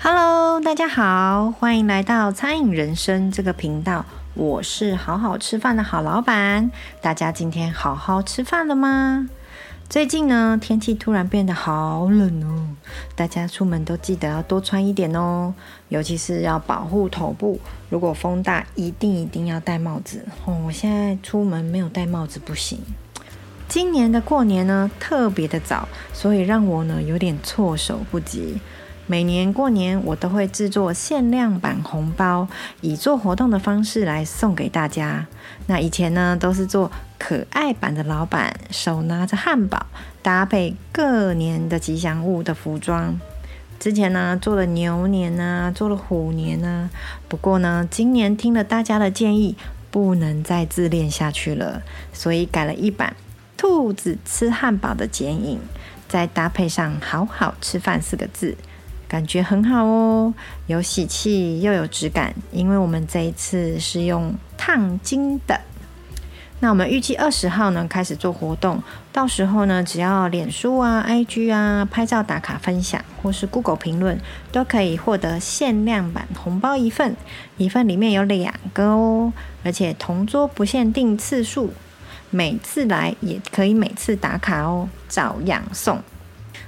Hello，大家好，歡迎來到餐飲人生這個頻道。我是好好吃飯的好老板。大家今天好好吃飯了嗎？最近呢，天氣突然變得好冷哦，大家出門都記得要多穿一點哦，尤其是要保護頭部。如果風大，一定一定要戴帽子哦。我現在出門沒有戴帽子不行。今年的過年呢，特別的早，所以讓我呢有點措手不及。每年過年，我都會制作限量版紅包，以做活動的方式來送給大家。那以前呢，都是做可愛版的老闆，老闆手拿着漢堡，搭配各年的吉祥物的服裝。之前呢，做了牛年呢、啊，做了虎年呢、啊。不過呢，今年聽了大家的建議，不能再自戀下去了，所以改了一版兔子吃漢堡的剪影，再搭配上“好好吃飯”四個字。感覺很好哦，有喜氣又有質感。因為我們這一次是用燙金的，那我們預計二十號呢開始做活動，到時候呢，只要臉書啊、IG 啊拍照打卡分享，或是 Google 評論，都可以獲得限量版紅包一份，一份裡面有兩個哦，而且同桌不限定次數，每次來也可以每次打卡哦，照樣送。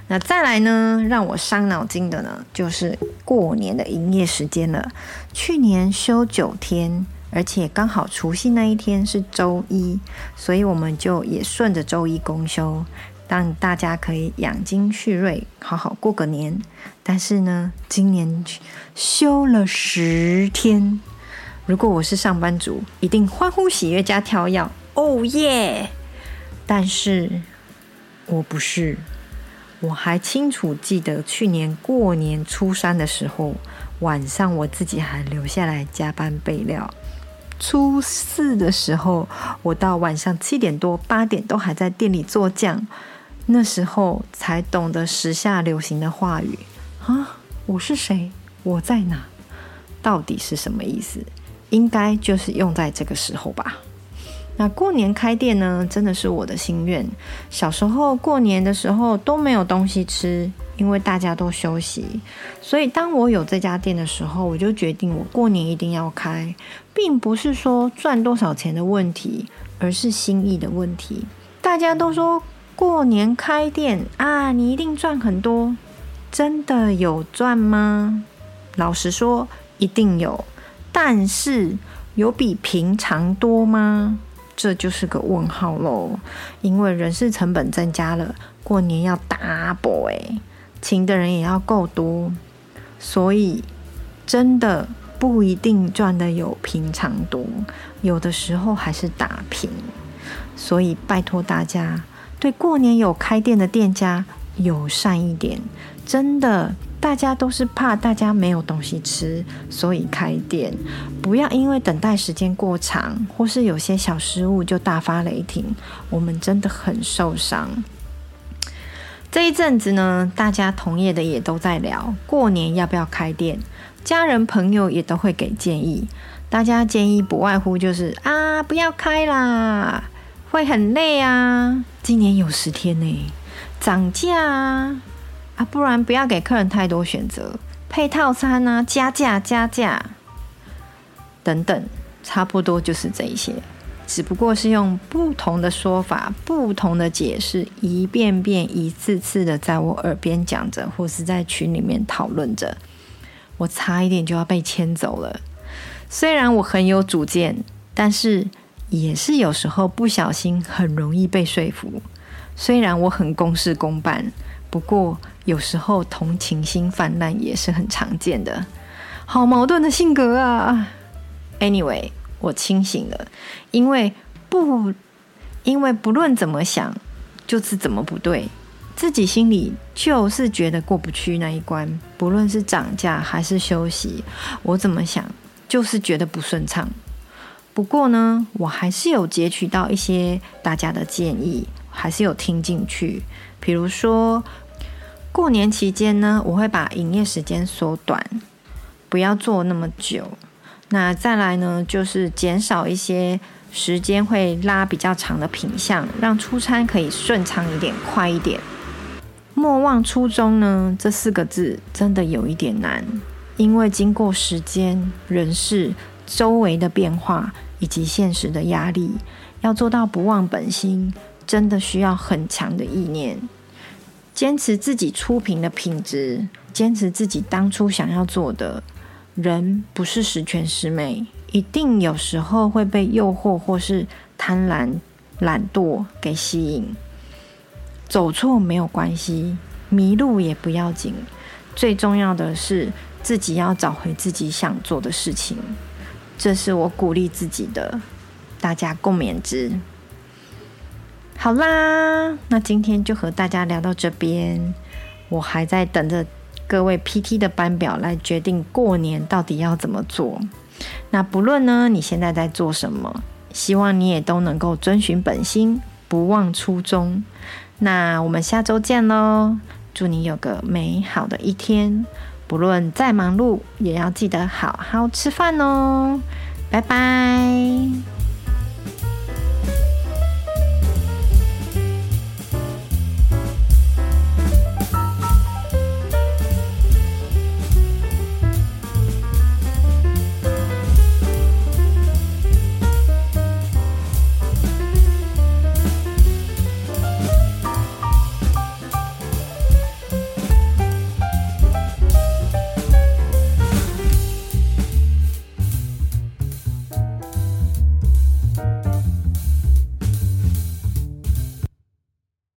那再來呢？讓我傷腦筋的呢，就是過年的營業時間了。去年休九天，而且剛好除夕那一天是周一，所以我們就也順着周一公休，讓大家可以養精蓄銳，好好過個年。但是呢，今年休了十天。如果我是上班族，一定歡呼喜悅加跳躍，哦耶！但是我不是。我還清楚記得去年過年初三的時候，晚上我自己還留下來加班備料。初四的時候，我到晚上七點多、八點都還在店裡做醬。那時候才懂得時下流行的話語：“啊，我是誰？我在哪？到底是什麼意思？”應該就是用在這個時候吧。那過年開店呢，真的是我的心願。小時候過年的時候都沒有東西吃，因為大家都休息。所以當我有這家店的時候，我就決定我過年一定要開，並不是說賺多少錢的問題，而是心意的問題。大家都說過年開店啊，你一定賺很多，真的有賺嗎？老實說，一定有，但是有比平常多嗎？這就是個問號嘍，因為人事成本增加了，過年要 double 哎，請的人也要夠多，所以真的不一定賺得有平常多，有的時候還是打平，所以拜托大家，對過年有開店的店家。友善一點，真的，大家都是怕大家沒有東西吃，所以開店。不要因為等待時間過長，或是有些小失誤就大發雷霆，我們真的很受傷。這一陣子呢，大家同業的也都在聊過年要不要開店，家人朋友也都會給建議。大家建議不外乎就是啊，不要開啦，會很累啊，今年有十天呢、欸。漲價啊，啊不然不要給客人太多選擇，配套餐呢、啊，加價加價，等等，差不多就是這一些，只不過是用不同的說法、不同的解釋，一遍遍、一次次的在我耳邊講着，或是在群裡面討論着，我差一點就要被牽走了。雖然我很有主見，但是也是有時候不小心很容易被說服。雖然我很公事公辦，不過有時候同情心泛濫也是很常見的，好矛盾的性格啊。Anyway，我清醒了，因為不，因為不論怎麼想，就是怎麼不對，自己心裡就是覺得過不去那一關。不論是漲價還是休息，我怎麼想就是覺得不順暢。不過呢，我還是有截取到一些大家的建議。還是有聽進去，比如說，過年期間呢，我會把營業時間縮短，不要做那麼久。那再來呢，就是減少一些時間會拉比較長的品項，讓出餐可以順暢一點、快一點。莫忘初衷呢，這四個字真的有一點難，因為經過時間、人事、周圍的變化以及現實的壓力，要做到不忘本心。真的需要很強的意念，堅持自己出品的品質，堅持自己當初想要做的。人不是十全十美，一定有時候會被誘惑或是貪婪、懶惰、惰給吸引。走錯沒有關係，迷路也不要緊。最重要的是自己要找回自己想做的事情。這是我鼓勵自己的，大家共勉之。好啦，那今天就和大家聊到這邊。我還在等着各位 PT 的班表來決定過年到底要怎麼做。那不論呢，你現在在做什麼，希望你也都能夠遵循本心，不忘初衷。那我們下週見嘍！祝你有個美好的一天，不論再忙碌，也要記得好好吃飯哦。拜拜。